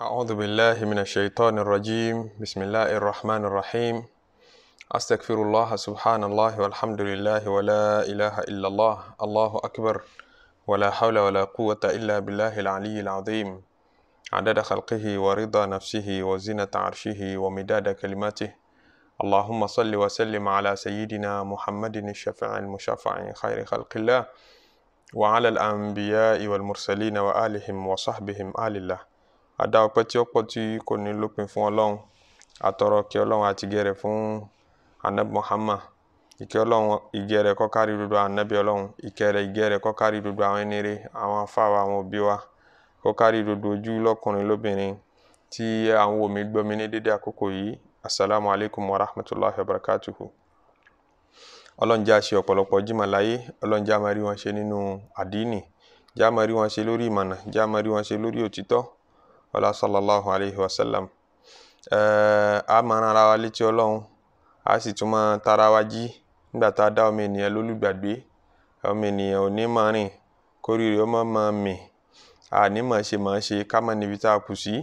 أعوذ بالله من الشيطان الرجيم بسم الله الرحمن الرحيم أستغفر الله سبحان الله والحمد لله ولا إله إلا الله الله أكبر ولا حول ولا قوة إلا بالله العلي العظيم عدد خلقه ورضا نفسه وزنة عرشه ومداد كلماته اللهم صل وسلم على سيدنا محمد الشفع المشفع خير خلق الله وعلى الأنبياء والمرسلين وآلهم وصحبهم آل الله A dá ọpẹ́ tí ó pọ̀ tí kò ní lópin fún Ọlọ́run. A tọrọ kí Ọlọ́run àti ìgẹ̀ rẹ̀ fún Ànábì Muhammad. Ìkẹ́ Ọlọ́run, ìgẹ̀ rẹ̀ kó kárí gbogbo àwọn ànábì Ọlọ́run. Ìkẹ́ àwọn ẹni àwọn àfáà wa, àwọn òbí wa. Kó kárí gbogbo ojú lọ́kùnrin lóbìnrin tí àwọn wò mí gbọ́ mi ní dédé àkókò yìí. Assalamu alaikum wa rahmatullahi wa barakatuhu. Ọlọ́run jẹ́ a ṣe ọ̀pọ̀lọpọ̀ jímọ̀ láyé. Ọlọ́run wọn ṣe nínú àdínì. Jẹ́ a wọn ṣe lórí ìmọ̀nà. Jẹ́ a wọn ṣe lórí òtítọ́ ọlá sallallahu alayhi wa sallam a máa ran ara wa létí ọlọ́run a sì tún máa tara wa jí nígbà tá a dá ọmọ ènìyàn lólùgbàgbé ọmọ ènìyàn ò ní máa rìn kórìíra ọmọ máa mì àní máa ṣe máa ṣe ká má níbi tá a kù sí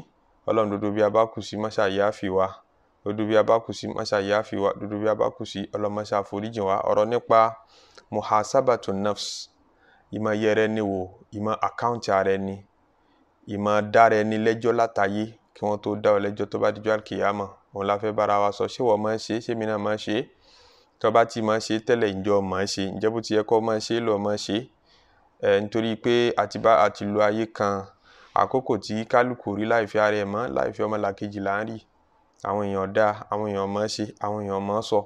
ọlọ́run dodo bí a bá kù sí máṣá yìí á fi wá dodo bí a bá kù sí máṣá yìí fi wá dodo bí a bá kù sí ọlọ́mọṣá àforíjì wá ọ̀rọ̀ nípa muhasabatu nafs ìmọ̀ yẹrẹ ni wò ìmọ̀ àkáǹtì ara ẹni ìmọ̀ dára ẹni lẹ́jọ́ látàyé kí wọ́n tó dá ọ lẹ́jọ́ tó bá dijọ́ àkìyàmọ̀ òun la fẹ́ bára wa sọ ṣé wọ́n máa ń ṣe ṣé mi náà máa ń ṣe tó bá ti máa ń ṣe tẹ́lẹ̀ ǹjọ́ máa ń ṣe ǹjẹ́ bó ti yẹ kó máa ń ṣe lọ́ọ́ máa ń ṣe ẹ̀ nítorí pé àti bá àti lo ayé kan àkókò tí kálukú rí láìfẹ́ ara ẹ̀ mọ́ láìfẹ́ ọmọlàkejì là ń rí àwọn èèyàn dá àwọn èèyàn máa ń ṣe àwọn èèyàn máa ń sọ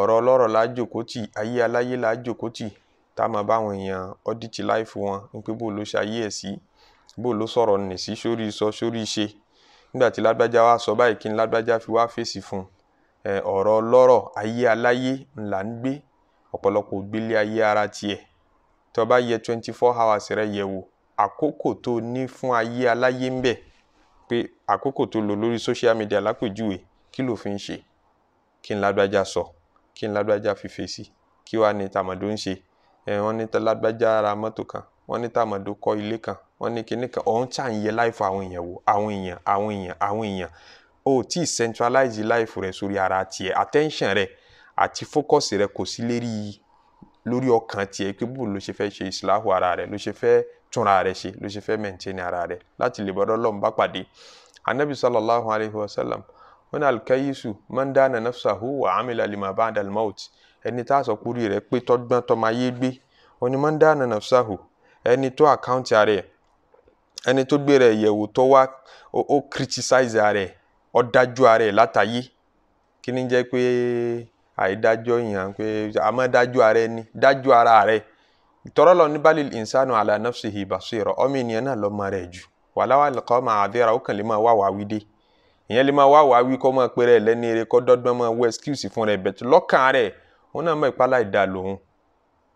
ọ̀rọ̀ ọlọ́rọ̀ la jókòó tì ayé aláyé la jókòó tì tá a máa bá àwọn èèyàn ọ́dìtì láìfù wọn ní pé bó ló ṣe ayé ẹ̀ sí bó ló sọ̀rọ̀ nì sí sórí sọ sórí ṣe nígbà tí lágbájá wa sọ báyìí kí n lágbájá fi wá fèsì fún un ọ̀rọ̀ ọlọ́rọ̀ ayé aláyé ńlá ń gbé ọ̀pọ̀lọpọ̀ ògbélé ayé ara tiẹ̀ tó bá yẹ twenty four hours rẹ yẹ̀ wò àkókò tó ní fún ayé aláyé ń bẹ pé àkókò tó lò lórí social media lápèjúwe kí ló fi ń ṣe kí n lágbájá sọ kí n lágbájá fi fèsì kí wàá ní tàmọ̀dó ń ṣe ẹ̀ wọ́n ní lágbájá ara mọ́tò kan wọ́n ní tàmọ̀dó kọ́ ilé kan wọ́n ní kinní kan ọ̀hún ṣà ń yẹ láìfọ àwọn èèyàn wò àwọn èèyàn àwọn èèyàn àwọn èèyàn o tí ì centralize láìfọ rẹ sórí ara tiẹ̀ attention rẹ àti focus rẹ kò sí lérí lórí ọkàn tiẹ̀ pé bó ló ṣe fẹ́ ṣe ìsìláhù ara rẹ ló ṣe fẹ́ túnra rẹ ṣe ló ṣe fẹ́ maintain ara rẹ láti lè bọ́dọ̀ lọ́n bá pàdé anabi sallallahu alayhi wa sallam wọn ni alkayisu man dana nafsahu wa amila lima ba'da al-maut ẹni tá a sọ kúrì rẹ pé tọ́gbọ́n tọ́mayé gbé wọn ni man dana nafsahu ẹni tó àkáǹtì rẹ ẹni tó gbé rẹ̀ yẹ̀wò tó wá ó criticize rẹ̀ ó dájú látàyé kí ni jẹ́ pé àìdájọ́ yìnyín pé dájú ni dájú ara rẹ ní balil insanu ala nafsihi basira ọmọ ènìyàn náà lọ́mọ rẹ̀ jù wàláwà máa àdéhà ó kàn lè máa wá wá ìyẹn lè máa wá wá wí kọ́ máa rẹ̀ lẹ́ni eré dọ́gbọ́n máa excuse fún rẹ̀ bẹ̀tù lọ́kàn rẹ̀ náà ìpalá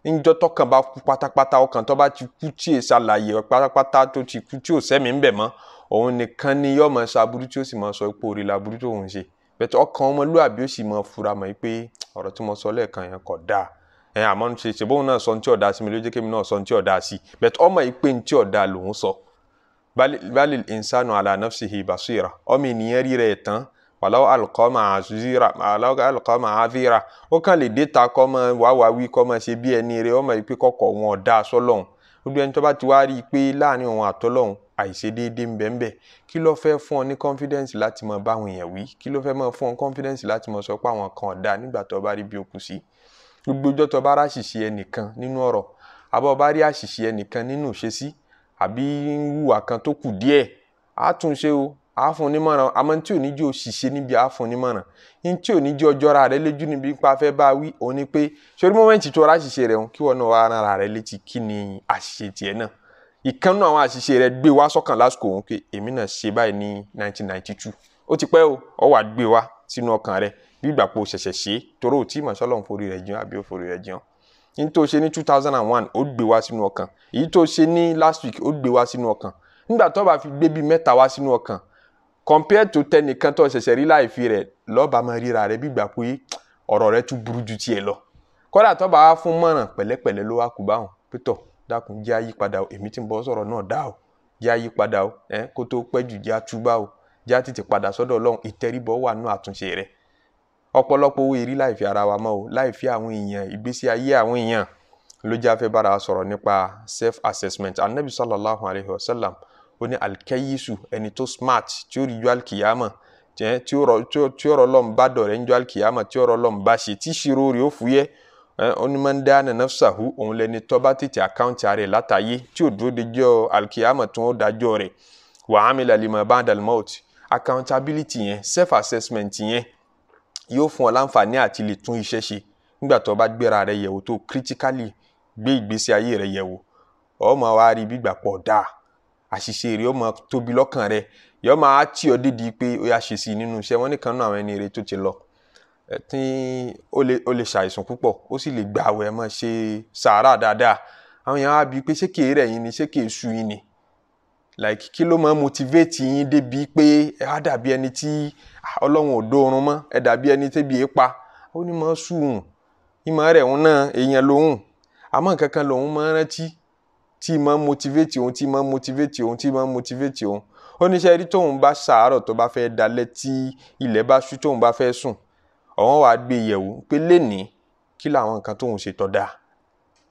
ńjọ́ tọkàn bá kú pátápátá ọkàn tó ba ti kú tí èsì àlàyé pátápátá tó ti kú tí ò sẹ́mi ń bẹ̀ mọ́ òun nìkan ni yóò máa ṣe aburú tí ó sì máa sọ pé òrìlà aburú tó ń ṣe bẹ̀tẹ̀ ọkàn ọmọlúwàbí ó sì máa fura mọ́ pé ọ̀rọ̀ tí mo sọ lẹ́ẹ̀kan yẹn kò dáa ẹ̀ àmọ́ ń ṣe ṣèbóhùn náà sọ ní tí ọ̀dà sí mi ló jẹ́ kémi náà sọ ní tí ọ̀dà sí bẹ̀tẹ̀ ọmọ yìí pé ní tí ọ̀dà lòún sọ balil insanu ala nafsihi basira ọmọ ènìyàn rí rẹ̀ tán wàláwọ alùkọ́mà àzúzíra wàláwọ alùkọ́mà àvírà ó kàn lè déta kọ́ mọ wàwáwí kọ́ mọ ṣe bí ẹni rẹ ọmọ ìpè kọ̀kọ̀ wọn ọ̀dà sọ́lọ́hún gbogbo ẹni tó bá ti wá rí i pé láàrin òun àtọ́lọ́hún àìṣedéédé ń bẹ́ẹ̀ bẹ́ẹ̀ kí ló fẹ́ fún ọ ní confidence láti mọ báwọn èèyàn wí kí ló fẹ́ mọ fún ọ confidence láti mọ sọ pé àwọn kan ọ̀dà nígbà tó bá rí bí okùn sí gbogbo ọjọ́ tó bá rí àṣìṣe ẹnìkan nínú ọ̀rọ̀ àbọ̀ bá rí àṣìṣe ẹnìkan nínú ìṣesí àbí wùwà kan tó kù díẹ̀ àtúnṣe o àfúnnímọ̀ràn àmọ́ tí ò ní jẹ́ òṣìṣẹ́ níbi àfúnnímọ̀ràn ní tí ò ní jẹ́ ọjọ́ra rẹ lójú níbi pa fẹ́ bá wí òun ni pé sórí mọ́mẹ́ǹtì tó ráṣìṣe rẹ̀ hàn kí wọ́n náà wá ara rẹ létí kí ni àṣìṣe tiẹ̀ náà ìkànnú àwọn àṣìṣe rẹ gbé wá sọ́kàn lásìkò òun pé èmi náà ṣe báyìí 1992 ó ti pẹ́ o ọ wà gbé wá sínú ọkàn rẹ bí ìgbà ṣẹ̀ṣẹ̀ ṣe tí forí rẹ̀ jẹun àbí ó forí rẹ̀ jẹun 2001 ó gbé wá sínú ọkàn èyí tó last week ó gbé wá sínú ọkàn nígbà tó bá compared to tẹnìkan tó ṣẹ̀ṣẹ̀ rí láìfi rẹ̀ lọ́ba máa ríra rẹ̀ bí gbà pé ọ̀rọ̀ rẹ̀ tún burú ju tiẹ̀ lọ kódà tó bá wá fún mọ̀ràn pẹ̀lẹ́pẹ̀lẹ́ ló wá kú báwọn pétọ̀ dákun jẹ́ àyípadà o èmi tí ń bọ́ sọ̀rọ̀ náà dá o jẹ́ àyípadà o ẹ kó tó pẹ́ jù jẹ́ àtúbà o jẹ́ àtìtì padà sọ́dọ̀ ọlọ́run ìtẹríbọ̀ wà nù àtúnṣe rẹ̀ ọ̀pọ̀lọpọ̀ owó èrí láì fi ara wa mọ́ o láì fi àwọn èèyàn ìgbésí ayé àwọn èèyàn ló jẹ́ afẹ́ bára sọ̀rọ̀ nípa self assessment anabi sallallahu alayhi wa sallam ó ní alkayisu ẹni tó smart tí ó rí ju alkiyama tiẹ tí ó rọ tí ó rọ lọ́n bá dọ̀rẹ́ ń ju alkiyama tí ó rọ lọ́n bá ṣe tí ṣirò rẹ̀ ó fúyẹ́ onímọ̀ndáná nafsahu òun lẹni tó bá tètè àkáǹtì rẹ̀ látàyé tí ó dúró dejọ́ alkiyama tó ń dájọ́ rẹ̀ wa amila lima ba'dal maut accountability yẹn self assessment yẹn yóò fún ọ láǹfààní àti lè tún iṣẹ́ ṣe nígbà tó bá gbéra rẹ yẹ̀wò tó critically gbé ìgbésí ayé rẹ yẹ̀wò ọmọ wa rí bí gbàpọ̀ dáa àṣìṣe rẹ yóò máa tóbi lọ́kàn rẹ yóò máa tì ọ́ dídì pé ó yà ṣe sí nínú iṣẹ́ wọn nìkan náà àwọn ẹni rẹ tó ti lọ tí ó lè ṣàìsàn púpọ̀ ó sì lè gbà àwẹ̀ máa ṣe sàárà dáadáa àwọn èèyàn á bi pé ṣé kèé yín ni ṣé su yín ni like kí ló máa motivate yín débi pé ẹ á dàbí ẹni tí ah, ọlọ́run ò dóorun mọ́ ẹ dàbí ẹni tẹ́bi ẹ pa ó ní máa sùn ìmọ̀ rẹ̀ òun náà èèyàn lòun àmọ́ nǹkan kan lòun máa rántí tí máa ń motivate òun tí máa ń motivate òun tí máa ń motivate òun ó ní sẹ́rí tóun bá sàárọ̀ tó bá fẹ́ dalẹ̀ tí ilẹ̀ bá ṣú tóun bá fẹ́ sùn ọ̀wọ́n wàá gbé e yẹ̀wò pé lénìí kí làwọn nǹkan tóun ṣe tọ́ da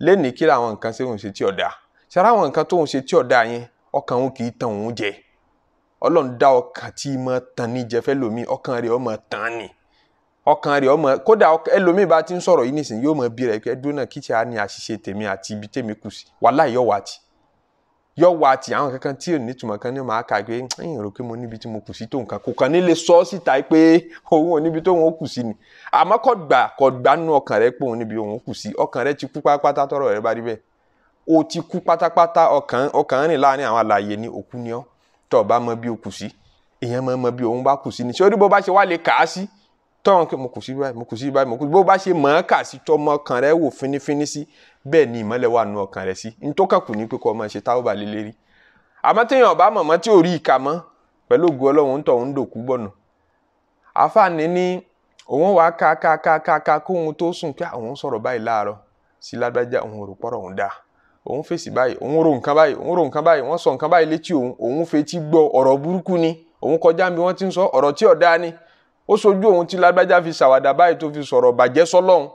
lénìí kí làwọn nǹkan tóun ṣe tí ò da sára àwọn nǹkan tóun ṣe tí ò da yẹn ọkàn òun kì í tan òun jẹ ọlọ́run dá ọkàn tí máa tan níjẹ fẹ́ lómi ọkàn rẹ̀ ó tan ni ọkàn rẹ̀ ọmọ kódà ẹlòmíì bá ti ń sọ̀rọ̀ yìí nìsín yóò mọ̀ bí rẹ̀ pé ẹdún náà kìtì á ní àṣìṣe tèmi àti ibi tèmi kù sí wàláhì yọ̀ wá ti yọ̀ wá ti àwọn kankan tí ò ní ìtumọ̀ kan ní màá kà pé ẹ̀yìn rò pé mo níbi tí mo kù sí tó nǹkan kò kàn ní lè sọ síta pé òun ò níbi tó òun kù sí ni àmọ́ kò gbà kò gbà nú ọkàn rẹ̀ pé òun níbi òun kù sí ọkàn rẹ̀ ti kú pátápátá tọ̀rọ̀ rẹ̀ bá rí bẹ́ẹ̀ o ti kú pátápátá ọkàn ọkàn rìn láàrin àwọn àlàyé ni òkú ni ọ tọ̀ bá mọ bí o kù sí èèyàn mọ mọ bí òun bá kù sí ni ṣé orí bó bá ṣe wá lè kà á sí tọ́run kí mo kù sí báyìí mo kù sí báyìí mo kù sí bó bá ṣe mọ̀ ọ́n kà sí tọmọ ọkàn rẹ wò finifini sí bẹ́ẹ̀ ni ìmọ́lẹ̀ wà nù ọkàn rẹ sí ní tó kàn kù ní pé kọ́ ọmọ ṣe táwọn bá lé lérí àmọ́ téèyàn ọ̀bá mọ̀mọ́ tí ò rí ìka mọ́ pẹ̀lú ògo ọlọ́run ń tọ̀ ń dòkú bọ̀nà àfààní ní òun wàá ka ka ka ka ka kóhun tó sùn pé àwọn sọ̀rọ̀ báyìí láàárọ̀ sí lágbájá òun rò pọ̀rọ̀ òun dáa òun fèsì báyìí òun ó sojú òun tí lágbájá fi ṣàwàdà báyìí tó fi sọ̀rọ̀ bàjẹ́ sọ́lọ́hún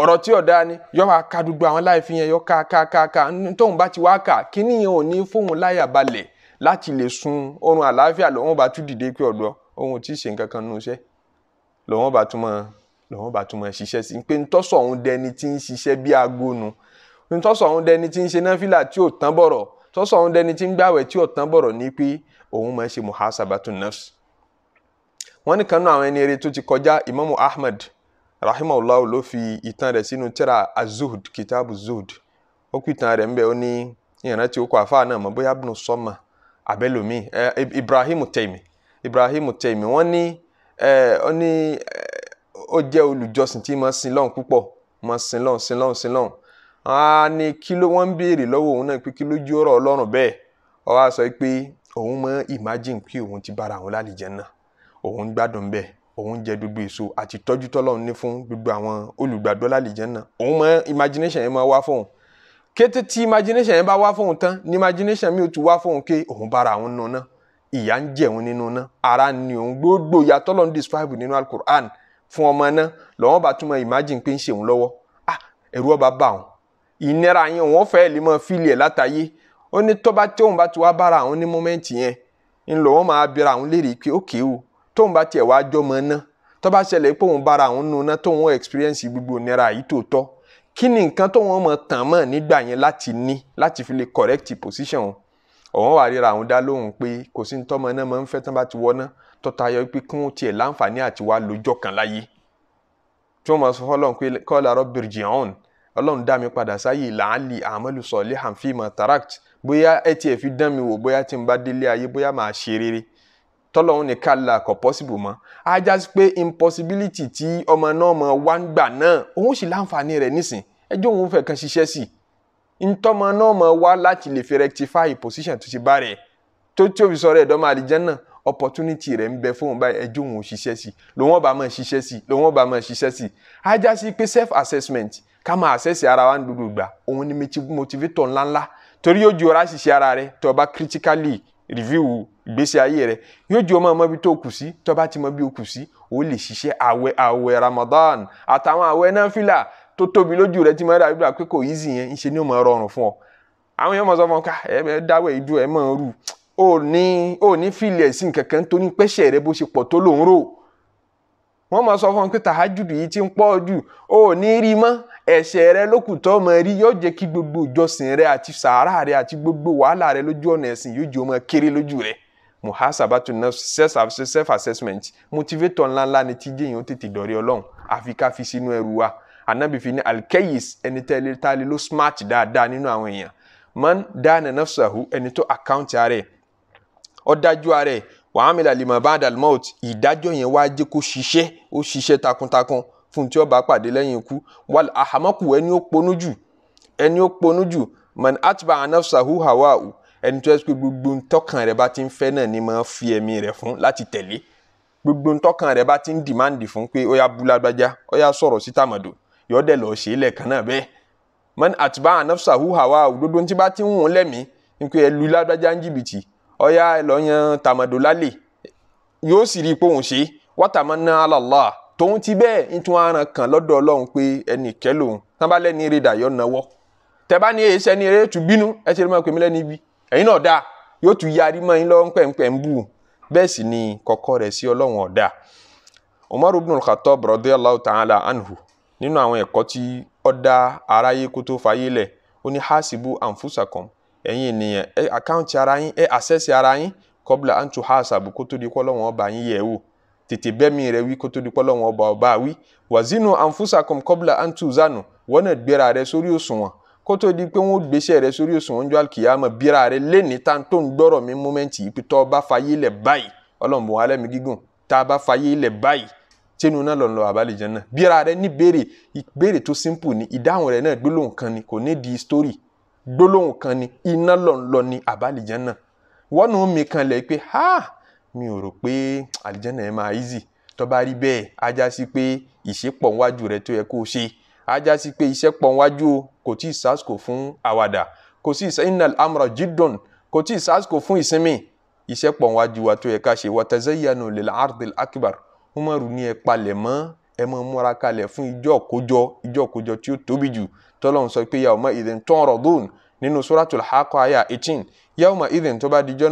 ọ̀rọ̀ tí ọ̀dá ni yọ wá ka gbogbo àwọn láìfi yẹn yọ ká ká ká ká tóun bá ti wá kà kíní yẹn ò ní fóun láyà balẹ̀ láti lè sun oorun àlàáfíà lọ́wọ́n bá tún dìde pé ọ̀dọ́ ohun tí ì ṣe nǹkan kan nù iṣẹ́ lọ́wọ́n bá tún mọ́ lọ́wọ́n bá tún mọ́ ṣiṣẹ́ sí pé ntọ́sọ̀ òun dẹni tí ń ṣiṣẹ́ bí aago nu ntọ́sọ̀ òun dẹni tí ń ṣe náfìlà tí ò tán bọ̀rọ̀ tọ́sọ̀ òun dẹni tí ń gbàwẹ̀ tí ò tán bọ̀rọ̀ ní pé òun máa ṣe muhasabatu nafs wọ́n nìkan nínú àwọn ẹni eré tó ti kọjá Imam Ahmad rahimahullah ló fi ìtàn rẹ̀ sínú tírà az-Zuhd kitabu az ó kú ìtàn rẹ̀ ń bẹ ó ní ìrántí ó kọ àfáà náà mọ̀ bóyá Ibn Ibrahim temi. Ibrahim Taymi wọ́n ní ó ní ó jẹ́ olùjọsìn tí máa sin púpọ̀ máa sin sin òun gbádùn bẹ́ẹ̀ òun jẹ gbogbo èso àti tọ́jú tọ́lọ́run ní fún gbogbo àwọn olùgbàdúrà lálìjẹ́ náà òun mọ imagination yẹn máa wá fóun kété tí imagination yẹn bá wá fóun tán ni imagination mi ò tún wá fóun ké òun bára àwọn nù náà ìyà ń jẹ òun nínú náà ara ni òun gbogbo ìyà tọ́lọ́run describe nínú alukur'an fún ọmọ náà lọ́wọ́n bá túmọ̀ imagine pé ń ṣe òun lọ́wọ́ ah ẹ̀rù ọba bá òun ìnira yẹn òun fẹ́ lè mọ fílì ẹ̀ látàyé ó ní tọ́ba tí òun bá ti wá bára àwọn ní mọ́mẹ́ǹtì yẹn ńlọ wọn máa bira àwọn léèrè pé ókè o tóun bá tiẹ̀ wá jọmọ náà tó bá ṣẹlẹ̀ pé òun bára òun nu náà tóun experience gbogbo ìnira yìí tó tọ́ kí ni nǹkan tóun mọ̀ tàn mọ́ nígbà yẹn láti ní láti fi lè correct position òun òun wà ríra àwọn dá lóhùn pé kò sí tọ́mọ náà máa ń fẹ́ tán bá ti wọ́ná tọ́tayọ pé kí wọ́n tiẹ̀ láǹfààní àti wá lójọ́ kan láyé tí wọ́n máa sọ fọlọ́n pé kọ́lá rọ́bìrì jìhàn ọlọ́run dá mi padà sáyè làálì àmọ́lù sọ̀lẹ́ hànfìmọ̀ tarakt bóyá ẹ tiẹ̀ fi dán mi wò bóyá tí n bá délé ayé bóyá màá ṣe rere tọ́lọ́hún nìkan la kò possible mọ́ á já sí pé impossibility tí ọmọ náà mọ wá ń gbà náà òun sì láǹfààní rẹ̀ nísìn ẹjọ́ òun fẹ́ kan ṣiṣẹ́ sí i ntọ́mọ náà mọ wá láti lè fi rectify position tó ti bá rẹ̀ tó tí ó fi sọ rẹ̀ dọ́mọ àlìjẹ́ náà opportunity rẹ̀ ń bẹ fóun báyìí ẹjọ́ òun ò ṣiṣẹ́ sí lòun ọba máa ṣiṣẹ́ sí lòun ọba máa ṣiṣẹ́ sí á já sí pé self assessment ká máa assess ara wa ní gbogbo ìgbà òun ni motivator ńláńlá torí yóò ju ọ̀rá ṣiṣẹ́ ara rẹ̀ tó o bá critically review ìgbésí ayé rẹ yóò jẹ́ ọmọ ọmọ ibi tó kù sí tó bá ti mọ bí o kù sí o lè ṣiṣẹ́ àwẹ̀ àwẹ̀ Ramadan àtàwọn àwẹ̀ náfìlà tó tóbi lójú rẹ ti máa dàbí pé kò easy yẹn ń ṣe ni ó máa rọrùn fún ọ àwọn yẹn mọ̀ sọ fún ọ ká ah, ẹ dáwọ̀ ìdú ẹ mọ̀ rú ò ní ò ní fìlẹ̀ sí nkankan tó ní pẹ́sẹ̀ rẹ bó ṣe pọ̀ tó lòún rò wọ́n máa sọ pé tàhájùdù yìí ti ń pọ̀ jù ò ní rí mọ́ ẹ̀ṣẹ̀ rẹ lókùtọ́ ọmọ rí yóò jẹ́ kí gbogbo ìjọsìn rẹ àti sàárà rẹ àti gbogbo wàhálà rẹ lójú ọ̀nà ẹ̀sìn yóò jẹ́ ọmọ kéré lójú rẹ̀ muhasabatu nafs self self assessment motivator ńláńlá ni ti jẹ́yìn ó tètè dọ̀rẹ́ ọlọ́run àfi ká fi sínú ẹrù wa anabi fi ni alkeyis ẹni tẹ́lẹ̀ tálẹ̀ ló smart dáadáa nínú àwọn èèyàn man dáná nafsahu ẹni tó account rẹ̀ ó dájú rẹ̀ wàá mi làlìmọ̀ bá dàlmọ́t ìdájọ́ yẹn wá jẹ́ kó ṣiṣẹ́ ó ṣiṣẹ́ takuntakun fún tí ó bá pàdé lẹ́yìn ikú wàl àhámọ́kù ẹni ó ponú jù ẹni ó ponú jù man atba nafsahu hawa'u ẹni tó yẹ kó gbogbo ntọ́kàn rẹ bá ti ń fẹ́ náà ni máa fi ẹ̀mí rẹ fún láti tẹ̀lé gbogbo ntọ́kàn rẹ bá ti ń dìmáàndì fún pé ó yá búlágbájá ó yá sọ̀rọ̀ sí tàmàdò yọ dẹ̀ lọ́ọ́ ṣe é lẹ́ẹ̀kan náà man àtibá anafsa huha wa òdodo tí bá ti ń wọn lẹ́mí nípa ẹlú lágbájá ń jìbìtì ó yá ẹ lọ́ọ́ yan tàmàdò lálẹ́ yóò sì rí i pé òun ṣe wàtàmánà alàlá tòun ti bẹ́ẹ̀ ń tún ara kan lọ́dọ̀ ọlọ́run pé ẹnì tẹ́bá ní èyí sẹ́ni eré tù bínú ẹ ṣe lè máa pè mí lẹ́ni ibi ẹ̀yin náà dáa yóò tún yarí mọ́ yín lọ́wọ́ pẹ̀mpẹ̀ bù bẹ́ẹ̀ sì ni kọ̀kọ́ rẹ̀ sí ọlọ́run ọ̀dà Umar ibn al-Khattab radiyallahu ta'ala anhu nínú àwọn ẹ̀kọ́ tí ó dá aráyé kó tó fayé lẹ̀ ó ní hasibu anfusakum ẹ̀yin ènìyàn ẹ àkáǹtì ara yín ẹ àṣẹ́sì ara yín kọ́bùlà àǹtù hasabu kó tó di kọ́ lọ́wọ́n ọba yín yẹ̀ wò tètè bẹ́mi rẹ̀ wí kó tó di kọ́ lọ́wọ́n ọba ọba wí wazinu anfusakum kọ́bùlà àǹtù zanu wọ́n náà gbéra rẹ̀ sórí òṣùwọ̀n kótó di pé wọn gbèsè rẹ sórí òsùn ọjọ́ àkìyàmọ bíra rẹ lẹni tá tó ń gbọrọ mi mọmẹǹtì yìí pétọ bá fàyè lẹ báyìí ọlọmọbọ alẹmi gígùn tá a bá fàyè lẹ báyìí tẹnu náà lọ lọ àbálẹjẹ náà bíra rẹ ní béèrè ìbéèrè tó simple ni ìdáhùn rẹ náà gbólóhùn kan ni kò ní di story gbólóhùn kan ni iná lọ lọ ni àbálẹjẹ náà wọn nù mí kan lẹ pé ha mi ò rò pé àlìjẹnà ẹ máa easy tó bá rí bẹ́ẹ̀ ajá sí pé ìṣepọ̀ wájú rẹ tó yẹ kó kò tí ì sásìkò fún àwàdà kò sí ìsẹ́yìnà amúra jídùn kò tí ì sásìkò fún ìsinmi iṣẹ́ pọ̀ wájú wa tó yẹ ká ṣe wàtẹ́sẹ́yìnà lil ardil akbar umaru ní ẹ palẹ̀ mọ́ ẹ mọ́ múra kalẹ̀ fún ìjọ kójọ ìjọ kójọ tí ó tóbi jù tọ́lọ́run sọ pé yawma idhin tu'radun nínú suratul Haqa àyà eighteen yawma idhin tó bá dijọ́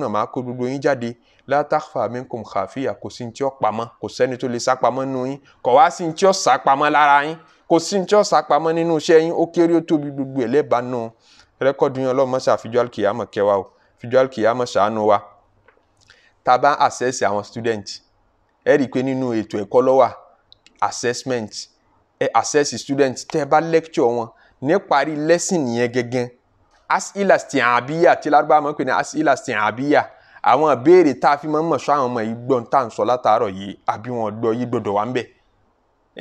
náà máa kó gbogbo yín jáde la takhfa minkum khafiya kò sí ní tí ó pamọ́ kò sẹ́ni tó lè sá pamọ́ nù yín kò wá sí ní tí ó sá pamọ́ lára yín kò sí ní tí wọ́n sàpamọ́ nínú iṣẹ́ yín ó kéré ó tóbi gbogbo ẹ̀ lẹ́bàá nù rẹ́kọ̀dù yẹn ọlọ́mọ sà fíjọ́ àlùkìyàmọ̀ kẹwàá o fíjọ́ àlùkìyàmọ̀ sàánú wa tá a bá àṣẹ́sì àwọn student ẹ rí i pé nínú ètò ẹ̀kọ́ lọ́wà assessment ẹ àṣẹ́sì student tẹ́ ẹ bá lecture wọn ní parí lesson yẹn gẹ́gẹ́ asila stiabiya tí lárúbá máa ń pè ní asila stiabiya àwọn ìbéèrè tá a fi máa ń mọ̀ sọ àwọn ọmọ yìí gbọ́n tá à ń sọ látàárọ̀ yìí àbí wọn gbọ́ yìí gbọ́dọ̀ wá ń bẹ̀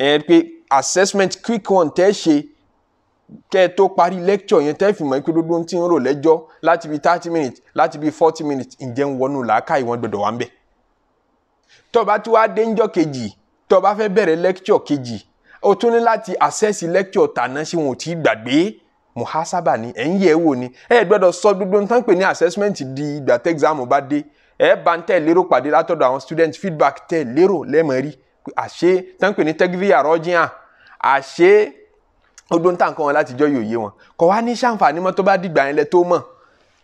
ẹ pé assessment quick one tẹ́ ṣe kẹ́ ẹ tó parí lecture yẹn tẹ́ fi mọ̀ pé dúdú tí ń rò lẹ́jọ́ láti bí thirty minutes láti bí forty minutes ǹjẹ́ ń wọnú làákàyè wọn gbọdọ̀ wá ń bẹ̀. tó bá tí wàá dé ńjọ́ kejì tó fẹ́ bẹ̀rẹ̀ lecture kejì o tún ní láti assess lecture tàná ṣé wọn ò tí ì gbàgbé muhasaba ni ẹ̀ ń yẹ̀ wò ni ẹ gbọ́dọ̀ sọ dúdú tán pè ní assessment di ìgbà tẹ́ exam bá dé ẹ bá ń tẹ̀ lérò pàdé látọ̀dọ̀ àwọn student feedback tẹ̀ lérò lẹ́mọ̀rí àṣé tán pè ní tẹ́gífì àrọ́jìn hàn àṣé gbogbo ń tà nǹkan wọn láti jọ yóò yé wọn kò wá ní sàǹfààní mọ́ tó bá dìgbà yẹn lẹ tó mọ̀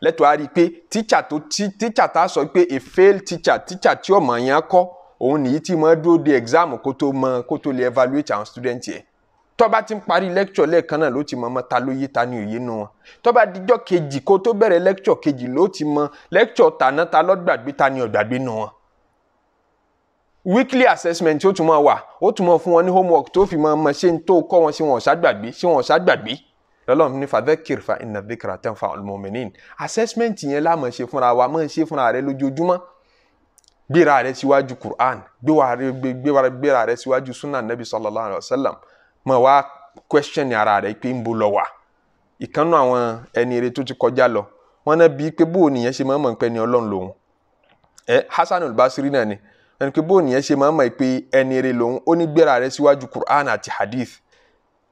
lẹ́tọ̀ á rí i pé tíṣà tó tíṣà tá a sọ pé a fail teacher tíṣà tí ọmọ yẹn kọ́ òun nìyí tí mo dúró de exam kó tó mọ kó tó lè evaluate àwọn student yẹn tó bá ti ń parí lecture lẹ́ẹ̀kan náà ló ti mọ̀ mọ́ ta ló yé ta ní òye nu wọn tó bá dijọ́ kejì kó tó bẹ̀rẹ̀ lecture kejì ló ti mọ̀ lecture tàná ta ló ta ní ọ̀gbàgbé nu wọn weekly assessment ó tún máa wà ó tún máa fún wọn ní homework tó fi máa mọ ṣé n tó kọ́ wọn ṣé wọn ṣá gbàgbé ṣé wọn ṣá gbàgbé lọ́lọ́run ní fadhakir fa inna dhikra tanfa'ul mu'minin assessment yẹn la máa ṣe fúnra wa máa ṣe fúnra rẹ lójoojúmọ́ gbéra rẹ síwájú Qur'an gbéra rẹ síwájú sunnah nabi sallallahu alayhi wa sallam máa wá question ara rẹ pé ń bo lọ wà ìkànnù àwọn ẹni eré tó ti kọjá lọ wọn náà bí pé bó nìyẹn ṣe máa mọ̀ pé ni ọlọ́run lòun ẹ Hasan al-Basri náà ni ẹni pé bóun yẹn ṣe máa mọ̀ pé ẹni rẹ lòun ó ní gbéra rẹ síwájú Qur'an àti hadith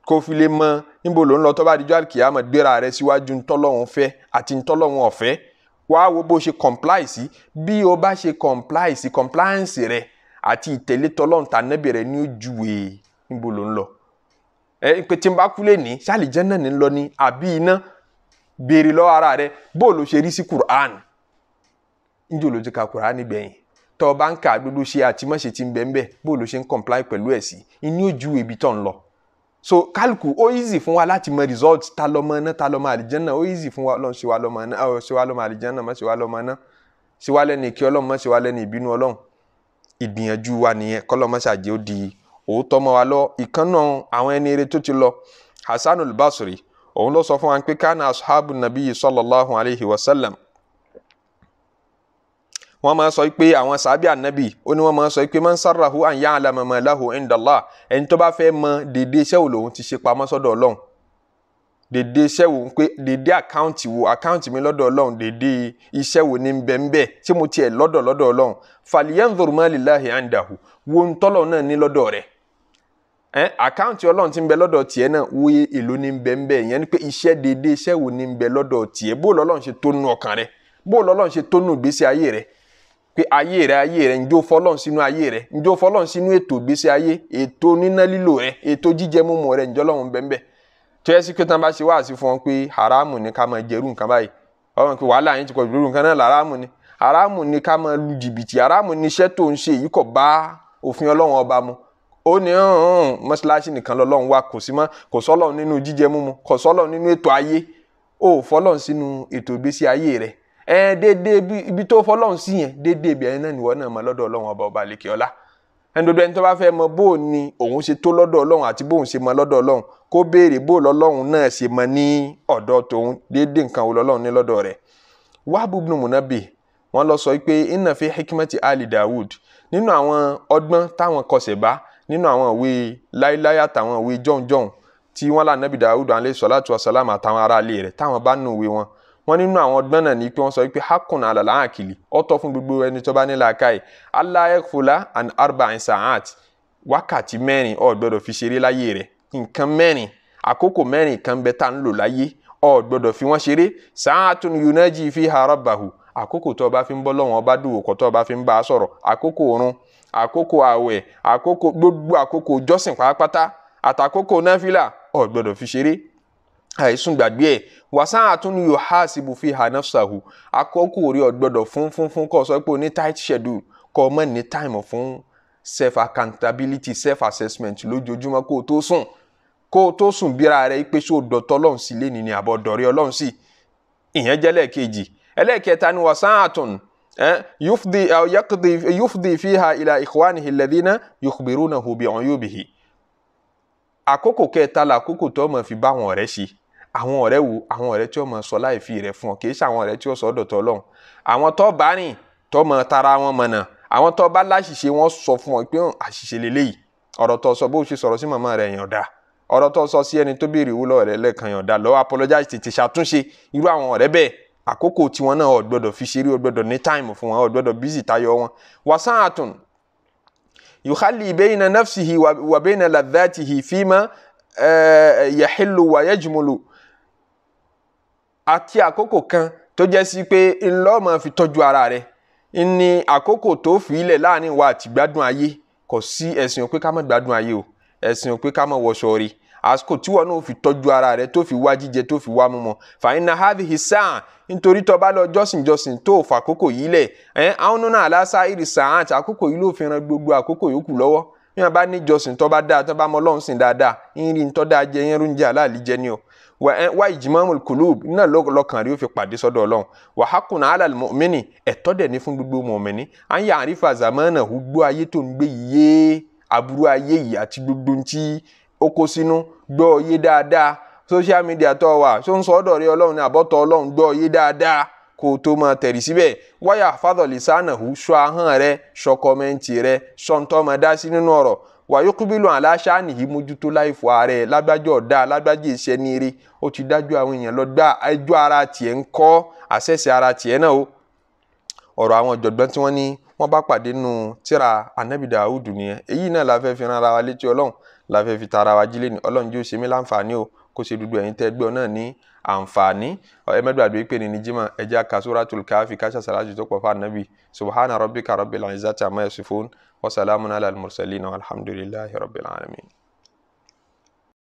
kó fi lè mọ níbo lòun lọ tó bá dijọ́ àkìyàmọ̀ gbéra rẹ síwájú ntọ́lọ́hún fẹ́ àti ntọ́lọ́hún ọ̀fẹ́ wàá wo bó ṣe comply sí bí o bá ṣe comply sí compliance rẹ àti ìtẹ̀lé tọ́lọ́hún tànẹ́bì rẹ ní ojúwe níbo lòun lọ ẹ pé tí n bá kú lè ní ṣáàlì jẹ́ náà ní lọ ní àbí iná béèrè lọ́wọ́ ara rẹ bó o ṣe rí sí Qur'an njó ló ti ka Qur'an gbẹ̀yìn tọ́ bá ń kà gbogbo ṣe àtìmọ́ṣe ti ń bẹ́ẹ̀ bẹ́ẹ̀ bó ló ṣe ń comply pẹ̀lú ẹ̀ sí inú ojú ibi tó ń lọ so kálukú ó easy fún wa láti mọ result ta lọ́mọ náà ta lọ́mọ àlìjẹ́nà ó easy fún wa lọ́n ṣe wa lọ́mọ náà ṣe wa lọ́mọ àlìjẹ́nà má ṣe wa lọ́mọ náà ṣe wa lẹ́nu ìkẹ́ ọlọ́run má ṣe wa lẹ́nu ìbínú ọlọ́run ìgbìyànjú wa nìyẹn kọ́lọ́mọṣàjẹ́ ó di òótọ́ mọ́ wa lọ ìkànnà àwọn ẹni eré tó ti lọ Hasanul Basri òun ló sọ fún wa pé kánà ashabu nabi sallallahu alayhi wa sallam wọ́n máa sọ pé àwọn sàbí ànábì ó ní wọ́n máa sọ pé man sarrahu an ya'lama ma lahu indallah ẹni tó bá fẹ́ mọ dédé iṣẹ́ wo lòun ti ṣe pamọ́ sọ́dọ̀ ọlọ́run dédé iṣẹ́ wo pé dédé àkáǹtì wo àkáǹtì mi lọ́dọ̀ ọlọ́run dédé iṣẹ́ wo ní bẹ́ẹ̀ ń bẹ́ẹ̀ tí mo tiẹ̀ lọ́dọ̀ lọ́dọ̀ ọlọ́run falyanzur ma lillahi indahu wo ń tọ́lọ̀ náà ní lọ́dọ̀ rẹ̀ ẹn àkáǹtì ọlọ́run ti ń bẹ lọ́dọ̀ tiẹ̀ náà wo èlò ní bẹ́ẹ̀ ń bẹ́ẹ̀ yẹn ni lọ́lọ́run ṣe tó ọkàn rẹ̀ bó lọ́lọ́run ṣe tó ìgbésí ayé rẹ̀ pé ayé rẹ ayé rẹ ǹjẹ́ o fọlọ́n sínú ayé rẹ ǹjẹ́ o fọlọ́n sínú ètò ìgbésí ayé ètò níná lílo rẹ ètò jíjẹ mímu rẹ ǹjẹ́ Ọlọ́run bẹ́ẹ̀ tó yẹ sí pé tán bá ṣe wáàsí fún ọ pé haramu ni ká máa jẹrú nǹkan báyìí ọ̀run pé wàhálà yín ti nǹkan ni haramu ni ká máa lu jìbìtì haramu ni iṣẹ́ tó ń ṣe yìí bá òfin wa kò sí nínú jíjẹ mímu nínú ètò ayé ó sínú ètò ìgbésí ayé rẹ̀ ẹ dédé ibi tó fọlọ́run sí yẹn dédé ibi ẹni náà nìwọ náà mọ lọ́dọ̀ ọlọ́run ọba ọba àlekè ọlá ẹni dodo ẹni tó bá fẹ́ mọ bó ni òun ṣe tó lọ́dọ̀ ọlọ́run àti bóun ṣe mọ lọ́dọ̀ ọlọ́run kó béèrè bó lọ́lọ́run náà ṣe mọ ní ọ̀dọ̀ tòun dédé nǹkan wo lọ́lọ́run ní lọ́dọ̀ rẹ̀ wáàbù ibn munabi wọn lọ sọ pé inna fi hikmati ali dawud nínú àwọn ọgbọ́n táwọn kọsẹ̀ bá nínú àwọn ìwé láíláí àtàwọn ìwé jọ̀njọ̀n tí wọ́n lá nàbì dawud alayhi salatu wasalam àtàwọn aráalé rẹ̀ táwọn bá nù ìwé wọn wọ́n nínú àwọn ọgbọ́n náà ní pé wọ́n sọ pé hakun alala akili ó tọ́ fún gbogbo ẹni tó bá ní làákàyè alayekfola and arba'in sa'at wákàtí mẹ́rin ó gbọ́dọ̀ fi ṣeré láyé rẹ̀ nǹkan mẹ́rin àkókò mẹ́rin kan bẹ tá ń lò láyé ó gbọ́dọ̀ fi wọ́n ṣeré sa'atun yunaji fiha rabbahu àkókò tó o bá fi ń bọ́ lọ́wọ́n ọba dùn òkò tó o bá fi ń bá a sọ̀rọ̀ àkókò oorun àkókò àwẹ̀ àkókò gbogbo àkókò jọ́sìn pàápàá àtàkókò náfìlà ó fi ṣeré àìsùn gbàgbé ẹ̀ wàsán àtúnú yóò há síbu fi hà nafsahu àkókò orí ọ̀gbọ́dọ̀ fún fún fún kọ́ sọ pé o ní tight schedule kọ́ ọmọ ní time fún self accountability self assessment lójoojúmọ́ kó o tó sùn kó o tó sùn bíra rẹ pé ṣé o dọ̀tọ́ ọlọ́run sí lé nìyẹn àbọ̀ dọ̀rí ọlọ́run sí ìyẹn jẹ́ lẹ́ẹ̀kejì ẹlẹ́ẹ̀kẹta ni wàsán àtúnú yufdi aw yaqdi yufdi fiha ila ikhwanihi alladhina yukhbirunahu bi uyubihi àkókò kẹta la àkókò tó máa fi bá wọn rẹ̀ ṣe àwọn ọ̀rẹ́ wo àwọn ọ̀rẹ́ tí ó mọ sọ láì fi rẹ̀ fún ọ kì í ṣe àwọn ọ̀rẹ́ tí ó sọ dọ̀tọ̀ ọlọ́run àwọn tó bá rìn tó mọ tara wọn mọ̀nà àwọn tó bá láṣìṣe wọn sọ fún ọ pé àṣìṣe lélẹ́yìí ọ̀rọ̀ tó sọ bó ṣe sọ̀rọ̀ sí màmá rẹ̀ yàn dá ọ̀rọ̀ tó sọ sí ẹni tó béèrè owó lọ́wọ́ rẹ̀ lẹ́ẹ̀kan yàn dá lọ́wọ́ apologize tètè ṣàtúnṣe irú àwọn ọ̀rẹ́ àti àkókò kan tó jẹ́ sí pé ńlọ́ máa fi tọ́jú ara rẹ̀ ni àkókò tó fi ilẹ̀ láàrin wa àti gbádùn ayé kò sí ẹ̀sìn ò pé ká má gbádùn ayé o ẹ̀sìn ò pé ká má wọṣọ rí àsìkò tí wọn náà fi tọ́jú ara rẹ̀ tó fi wá jíjẹ tó fi wá mímọ́ fàyínà havi hisan nítorí tó bá lọ jọ́sìn jọ́sìn tó fàkókò yìí lẹ̀ ẹ̀ àwọn nínú àlàsà ìrìsàn àti àkókò yìí ló fi ran gbogbo àkókò yòókù lọ́wọ́ bí wọn bá ní jọ́sìn tó bá dáa tó bá mọ Ọlọ́run sìn dáadáa ń tó dáa jẹ yẹn ló aláàlí jẹ ni o wa ẹ eh, wa ijimamul kulub náà lọ́kàn rí o fi pàdé sọ́dọ̀ ọlọ́run wa hakun ala mọ́mìnì ẹ̀tọ́ dẹ̀ ni, fún gbogbo mọ̀mìnì à ń yà àrífà zamana gbogbo ayé tó ń gbé yé aburú ayé yìí àti gbogbo ntí ó kó sínú gbọ́ yé dáadáa social media tó wà tó ń sọ ọ́dọ̀ rí ọlọ́run ní àbọ̀tọ̀ ọlọ́run gbọ́ yé dáadáa kó o tó máa tẹ̀rí síbẹ̀ wáyà fadọ̀lì sànà hù sọ ahọ́n rẹ sọ kọ́mẹ́ntì rẹ sọ ntọ́ nínú ọ̀rọ̀ wàyó kúbílù àláṣà nìyí mójútó láìfọ ààrẹ lágbájọ ọ̀dà lágbájọ iṣẹ́ níire ó ti dájú àwọn èèyàn lọ gbá ẹjọ́ ara tiẹ̀ ń kọ́ àṣẹ̀ṣẹ̀ ara tiẹ̀ náà o ọ̀rọ̀ àwọn ọ̀jọ̀gbọ́n tí wọ́n ní wọ́n bá pàdé nù tíra anabi dawud nìyẹn èyí náà la fẹ́ fi ran ara wa létí ọlọ́run la fẹ́ fi tara wa jílé ni ọlọ́run yóò ṣe mí láǹfààní o kó ṣe dúdú ẹ̀yin tẹ́ gbọ́ náà ní àǹfààní ẹ mẹ́gbàgbé pé ní níjímọ̀ ẹja kasuratul káfí káṣà sàlájú tó pọ̀ fún anabi subhana rabbika rabbil izzati amma yasifun wa salamun ala al-mursalin walhamdulillahi rabbil alamin.